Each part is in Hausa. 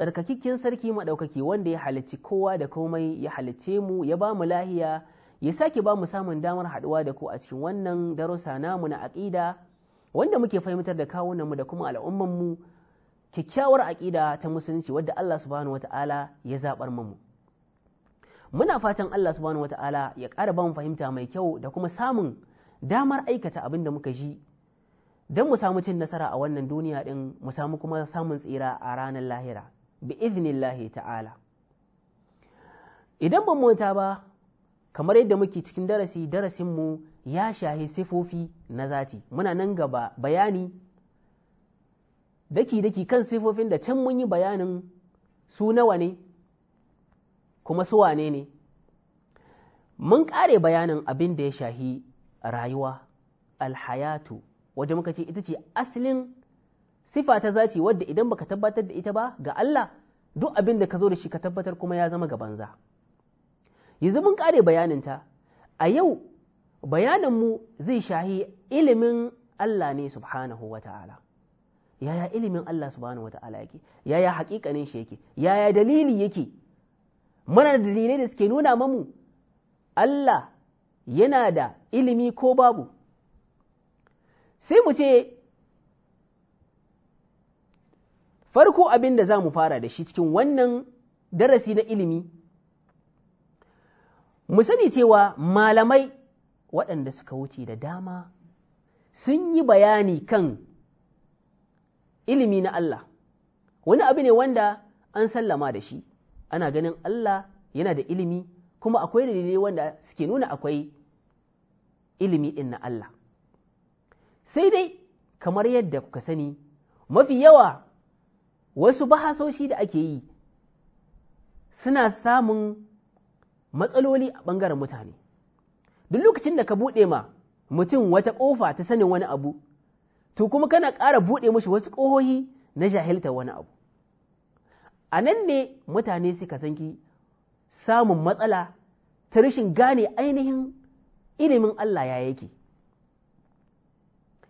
Tsarkakikin sarki maɗaukaki wanda ya halicci kowa da komai ya halicce mu ya ba mu lahiya ya sake ba mu samun damar haɗuwa da ku a cikin wannan darussa namu na aƙida wanda muke fahimtar da kawunanmu da kuma mu, kyakkyawar aƙida ta musulunci wadda Allah subhanahu wata'ala ya zaɓar mu muna fatan Allah subhanahu wata'ala ya ƙara ba mu fahimta mai kyau da kuma samun damar aikata abin da muka ji don mu samu cin nasara a wannan duniya ɗin mu samu kuma samun tsira a ranar lahira bi iznillahi ta'ala idan ba mota ba kamar yadda muke cikin darasi darasinmu ya shahi sifofi na zati muna nan gaba bayani daki-daki kan sifofin da can mun yi bayanin su nawa ne kuma su wane ne mun ƙare bayanin abin da ya shahi rayuwa alhayatu wajen muka ce ita ce asalin sifa ta zaci wadda idan baka tabbatar da ita ba ga Allah duk abin da ka zo da shi ka tabbatar kuma ya zama ga banza yanzu mun kare ta. a yau bayanin mu zai shahi ilimin Allah ne subhanahu wa ta'ala yaya ilimin Allah subhanahu wa ta'ala yake yaya haƙiƙanin shi yake yaya dalili yake mana dalilai da suke nuna mamu Allah yana da ilimi ko babu sai mu ce farko abin da za mu fara da shi cikin wannan darasi na ilimi mu sani cewa malamai waɗanda suka wuce da dama sun yi bayani kan ilimi na Allah wani abu ne wanda an sallama da shi ana ganin Allah yana da ilimi kuma akwai dalilai wanda suke nuna akwai ilimi ɗin na Allah sai dai kamar yadda kuka sani mafi yawa wasu bahasoshi da ake yi suna samun matsaloli a ɓangaren mutane duk lokacin da ka buɗe ma mutum wata ƙofa ta sanin wani abu to kuma kana ƙara buɗe mashi wasu ƙohohi na jahilta wani abu a nan ne mutane suka san ki samun matsala ta rashin gane ainihin ilimin Allah ya yake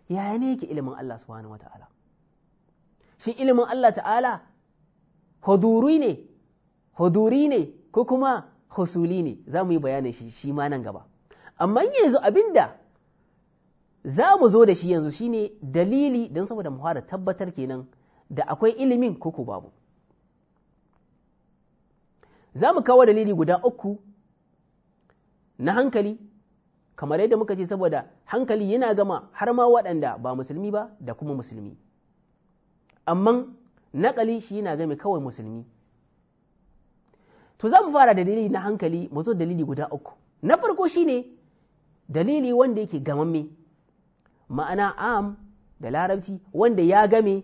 yaya ne yake ilimin Allah subhanahu wata'ala shi ilimin Allah ta'ala huduri ne huduri ne ko kuma husuli ne za mu yi bayanin shi shi ma nan gaba amma yanzu abinda za mu zo da shi yanzu shine dalili don saboda mu fara tabbatar kenan da akwai ilimin koko babu za mu kawo dalili guda uku na hankali kamar yadda muka ce saboda hankali yana gama har ma waɗanda ba musulmi ba da kuma musulmi amma naƙali shi yana game kawai musulmi to za fara da dalili na hankali mu zo dalili guda uku na farko shine dalili wanda yake gamamme ma'ana am da larabci wanda ya game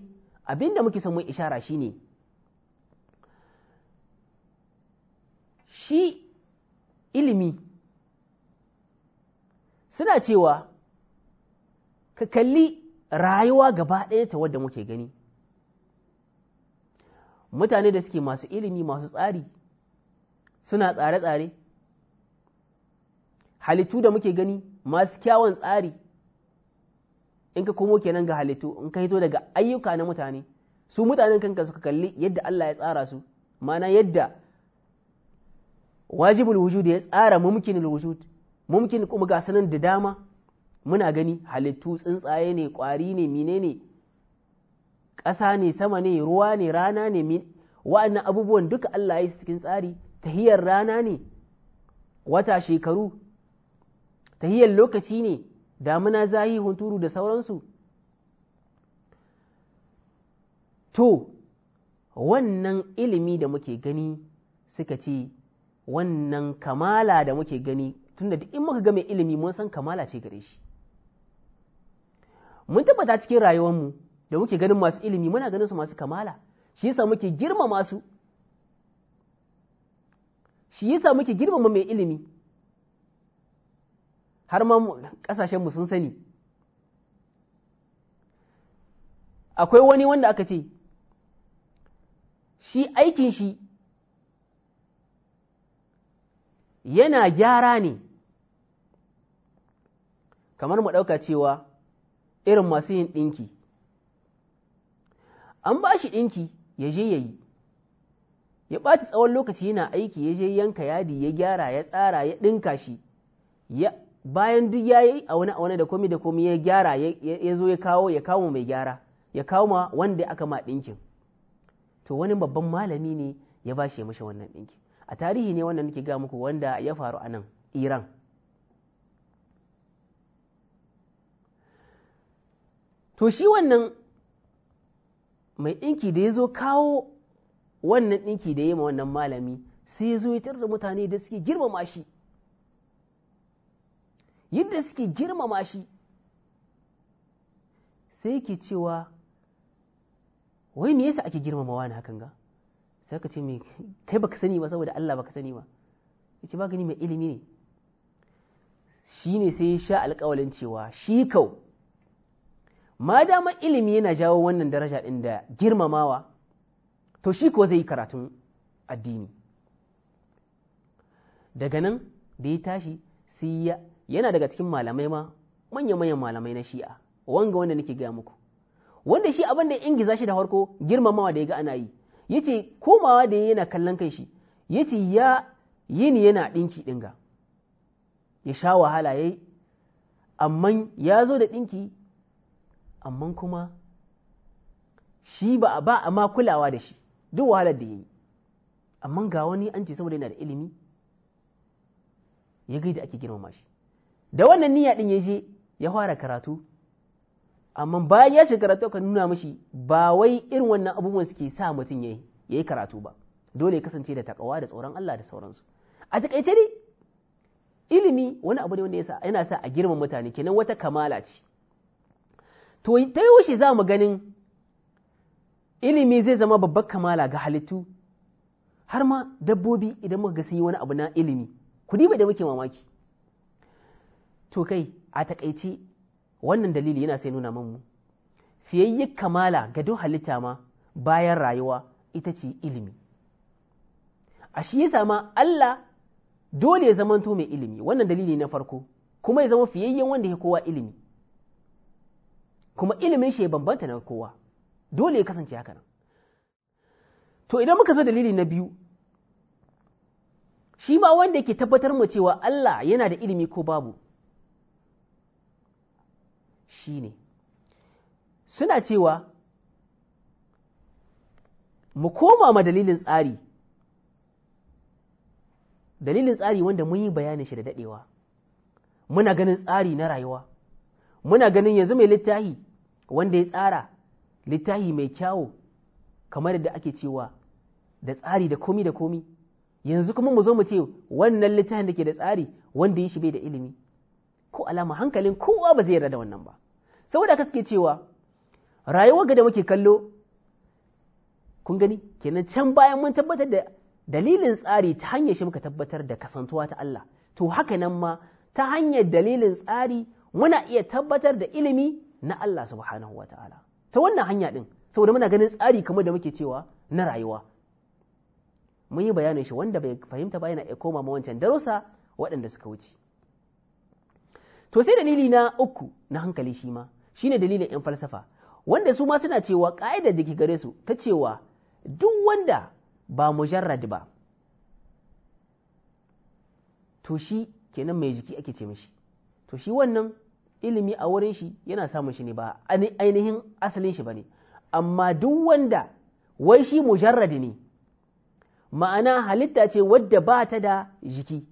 abinda muke son mu ishara shine shi ilimi suna cewa ka kalli rayuwa gaba ɗaya ta wadda muke gani mutane da suke masu ilimi masu tsari suna tsare-tsare halittu da muke gani masu kyawun tsari in ka komo kenan ga halittu in ka hito daga ayyuka na mutane su mutanen kanka suka kalli yadda Allah ya tsara su mana yadda wajibul wujud ya tsara mumkinul wujud mumkin kuma ga sanan da dama muna gani halittu tsuntsaye ne kwari ne menene ƙasa ne sama ne ruwa ne rana ne wa'annan abubuwan duka Allah ya yi cikin tsari tahiyar rana ne wata shekaru tahiyar lokaci ne damuna zahi hunturu da sauransu to wannan ilimi da muke gani suka ce wannan kamala da muke gani tunda duk in muka ga mai ilimi mun san kamala ce gare shi mun tabbata cikin rayuwarmu da muke ganin masu ilimi muna ganin su masu kamala shi yasa muke girmama su shi yasa muke girmama mai ilimi har ma mu sun sani akwai wani wanda aka ce shi aikin shi yana gyara ne kamar mu ɗauka cewa irin masu yin ɗinki an ba shi ɗinki ya je ya yi ya ɓata tsawon lokaci yana aiki ya je yanka yadi ya gyara ya tsara ya ɗinka shi bayan duk ya yi a wani a wani da komi da komi ya gyara ya zo ya kawo ya kawo mai gyara ya kawo ma wanda aka ma ɗinkin to wani babban malami ne ya ba shi mashi wannan ɗinkin a tarihi ne wannan nake ga muku wanda ya faru a nan iran to shi wannan mai ɗinki da ya zo kawo wannan ɗinki da ya ma wannan malami sai ya zo ya da mutane da suke girmama shi yadda suke girmama shi sai yake cewa wai me yasa ake girmama wani hakan ga sai ka ce me kai baka sani ba saboda Allah baka sani ba yace ba gani mai ilimi ne shine sai ya sha alƙawalin cewa shi kau ma dama ilimi yana jawo wannan daraja ɗin da girmamawa to shi ko zai yi karatun addini daga nan da ya tashi sai yana daga cikin malamai ma manya-manyan malamai na shi'a wanga wanda nake gaya muku wanda shi abin da ingiza shi da farko girmamawa da ya ga ana yi yace komawa da yana kallon kai shi yace ya yini yana ɗinki ɗinga ya sha wahala yayi amma ya zo da ɗinki amma kuma shi ba a ba ma kulawa da shi duk wahalar da ya yi amma ga wani an ce saboda yana da ilimi ya gaida ake girmama shi da wannan niyya din ya je ya fara karatu amma bayan ya shiga karatu aka nuna mishi ba wai irin wannan abubuwan suke sa mutum ya yi karatu ba dole ya kasance da takawa da tsoron Allah da sauransu a takaice ne ilimi wani abu ne wanda yana sa a girmama mutane kenan wata kamala ce to ta yaushe za mu ganin ilimi zai zama babbar kamala ga halittu har ma dabbobi idan muka ga sun yi wani abu na ilimi ku ba da muke mamaki to kai a takaici wannan dalili yana sai nuna mu fiyayye kamala ga duk halitta ma bayan rayuwa ita ce ilimi a shi yasa ma Allah dole ya zamanto mai ilimi wannan dalili na farko kuma ya zama fiyayyen wanda ya kowa ilimi kuma ilimin shi ya bambanta na kowa dole ya kasance haka nan to idan muka zo dalili na biyu shi ma wanda yake tabbatar mu cewa Allah yana da ilimi ko babu shi ne suna cewa mu koma ma dalilin tsari dalilin tsari wanda mun yi bayanin shi da dadewa. muna ganin tsari na rayuwa muna ganin yanzu mai littafi. wanda ya tsara littahi mai kyawu kamar yadda ake cewa da tsari da komi da komi yanzu kuma mu zo mu ce wannan littafin da ke da tsari wanda ya shi bai da ilimi ko alama hankalin kowa ba zai yarda da wannan ba saboda haka suke cewa rayuwar ga da muke kallo kun gani kenan can bayan mun tabbatar da dalilin tsari ta hanyar shi muka tabbatar da kasantuwa ta Allah to haka nan ma ta hanyar dalilin tsari muna iya tabbatar da ilimi na Allah subhanahu wa ta'ala ta wannan hanya ɗin saboda muna ganin tsari kamar da muke cewa na rayuwa mun yi bayanin shi wanda bai fahimta ba yana iya koma ma wancan darussa waɗanda suka wuce to sai dalili na uku na hankali shi ma shine dalilin 'yan falsafa wanda su ma suna cewa ƙa'idar da ke gare su ta cewa duk wanda ba mujarrad ba to shi kenan mai jiki ake ce mishi to shi wannan ilimi a wurin shi yana samun shi ne ba ainihin asalin shi ba ne amma duk wanda wai shi mujarradi ne ma'ana halitta ce wadda ba ta da jiki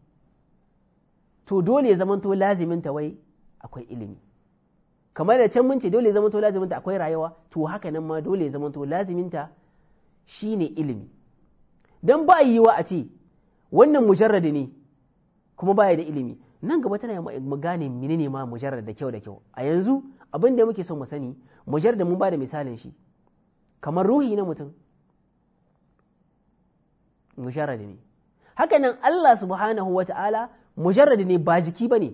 to dole zamanto laziminta wai akwai ilimi kamar da can mun ce dole zamanto laziminta akwai rayuwa to haka nan ma dole zamanto laziminta ne ilimi don ba yi yiwa a ce wannan mujarradi ne kuma baya da ilimi nan gaba tana mu gane menene ma mujarrad da kyau da kyau a yanzu abin da muke son mu sani mujarrad mun ba da misalin shi kamar ruhi na mutum mujarrad ne haka nan Allah subhanahu wa ta'ala mujarrad ne ba jiki ba ne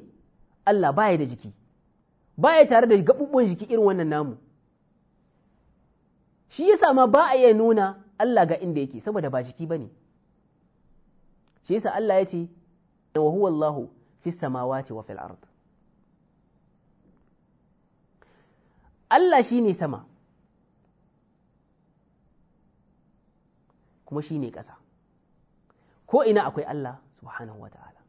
Allah baya da jiki baya tare da gaɓuɓɓun jiki irin wannan namu shi yasa ma ba a iya nuna Allah ga inda yake saboda ba jiki ba ne shi yasa Allah ya ce wa huwa Allahu fi samawati wa fil ard Allah shine sama kuma shine ƙasa ko ina akwai Allah subhanahu wa ta'ala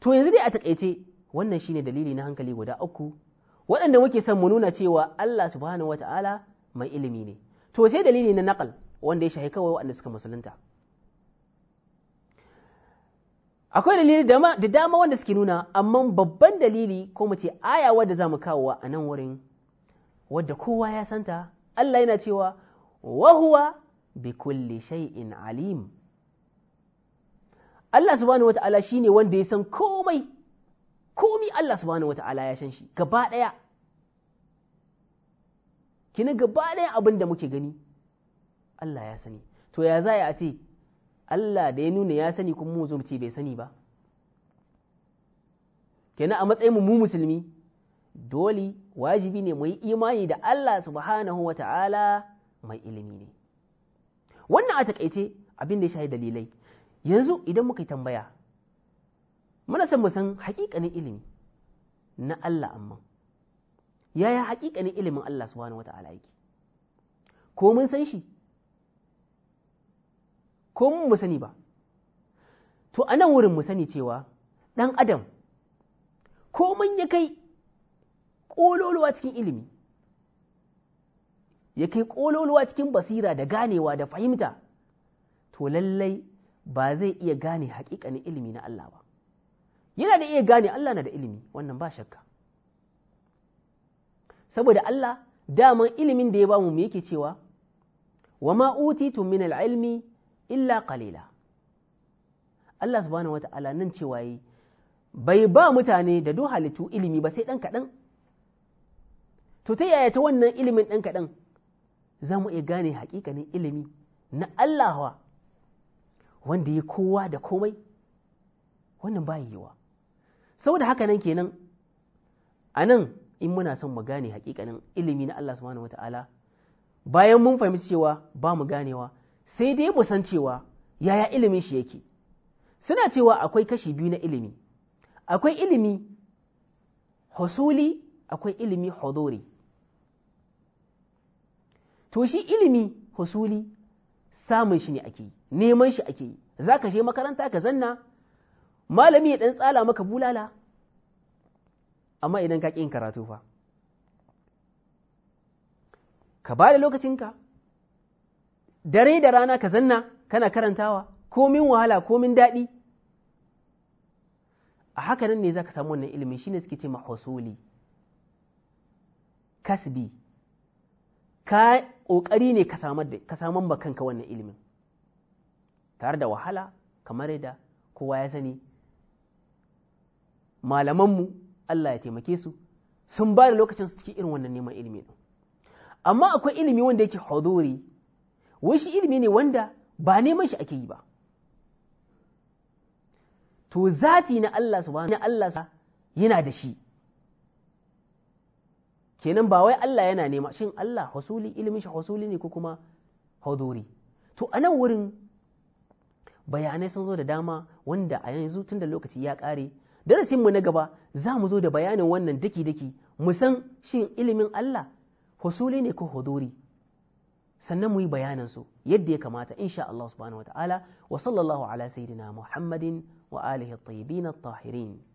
to yanzu dai a takaice wannan shine dalili na hankali guda uku waɗanda muke son mu nuna cewa Allah subhanahu wa ta'ala mai ilimi ne to sai dalili na naƙal wanda ya shahi kawai waɗanda suka musulunta akwai dalili da dama wanda suke nuna amma babban dalili ko mu ce aya wadda za mu kawowa a nan wurin wadda kowa ya santa Allah yana cewa wa huwa bi kulli shay'in alim Allah subhanahu wata'ala shine wanda ya san komai komi Allah subhanahu wata'ala ya san shi gaba ɗaya kina gaba ɗaya abin da muke gani Allah ya sani to ya za a ce Allah da ya nuna ya sani kuma mu zurce bai sani ba kenan a matsayin mu musulmi dole wajibi ne mu yi imani da Allah subhanahu wa ta'ala mai ilimi ne wannan a takaice abin da ya shahi dalilai yanzu idan muka yi tambaya muna san mu san haƙiƙanin ilimi na Allah amma yaya haƙiƙanin ilimin Allah subhanahu wa ta'ala yake ko mun san shi ko mu mu sani ba to a nan wurin mu sani cewa ɗan adam komai ya kai ƙololuwa cikin ilimi ya kai ƙololuwa cikin basira da ganewa da fahimta to lallai ba zai iya gane haƙiƙanin ilimi na Allah ba yana da iya gane Allah na da ilimi wannan ba shakka saboda Allah daman ilimin da ya bamu mu yake cewa wa ma utitu min al illa qalila Allah subhanahu wata'ala nan cewa yi bai ba mutane da duk halittu ilimi ba sai ɗan kaɗan to ta yaya ta wannan ilimin ɗan kaɗan za mu iya gane hakikanin ilimi na Allah wanda ya kowa da komai wannan ba yiwa saboda haka nan kenan a nan in muna son mu gane hakikanin ilimi na Allah subhanahu wata'ala bayan mun fahimci cewa ba mu ganewa sai dai mu san cewa yaya ilimin shi yake suna cewa akwai kashi biyu na ilimi akwai ilimi husuli akwai ilimi huduri to shi ilimi husuli samun shi ne ake yi neman shi ake yi za ka je makaranta ka zanna malami ya ɗan tsala maka bulala amma idan ka ƙin karatu fa ka bada lokacinka dare da rana ka zanna kana karantawa komin wahala komin daɗi a haka nan ne za ka samu wannan ilimin shine suke ce mahosoli kasbi ka ƙoƙari ne ka saman ba kanka wannan ilimin tare da wahala kamar yadda kowa ya sani malamanmu Allah ya taimake su sun ba da lokacin su cikin irin wannan neman ilimi amma akwai ilimi wanda yake huduri wai shi ilimi ne wanda ba neman shi ake yi ba to zati na Allah subhanahu Allah yana da shi kenan ba wai Allah yana nema shin Allah hasuli ilimin shi hasuli ne ko kuma haduri to a nan wurin bayanai sun zo da dama wanda a yanzu tun da lokaci ya ƙare darasinmu na gaba za mu zo da bayanin wannan daki-daki mu san shin ilimin Allah hasuli ne ko hoduri sannan mu yi bayanin su yadda ya kamata insha Allah subhanahu wa ta'ala wa sallallahu ala sayidina Muhammadin wa alihi at-tayyibin at-tahirin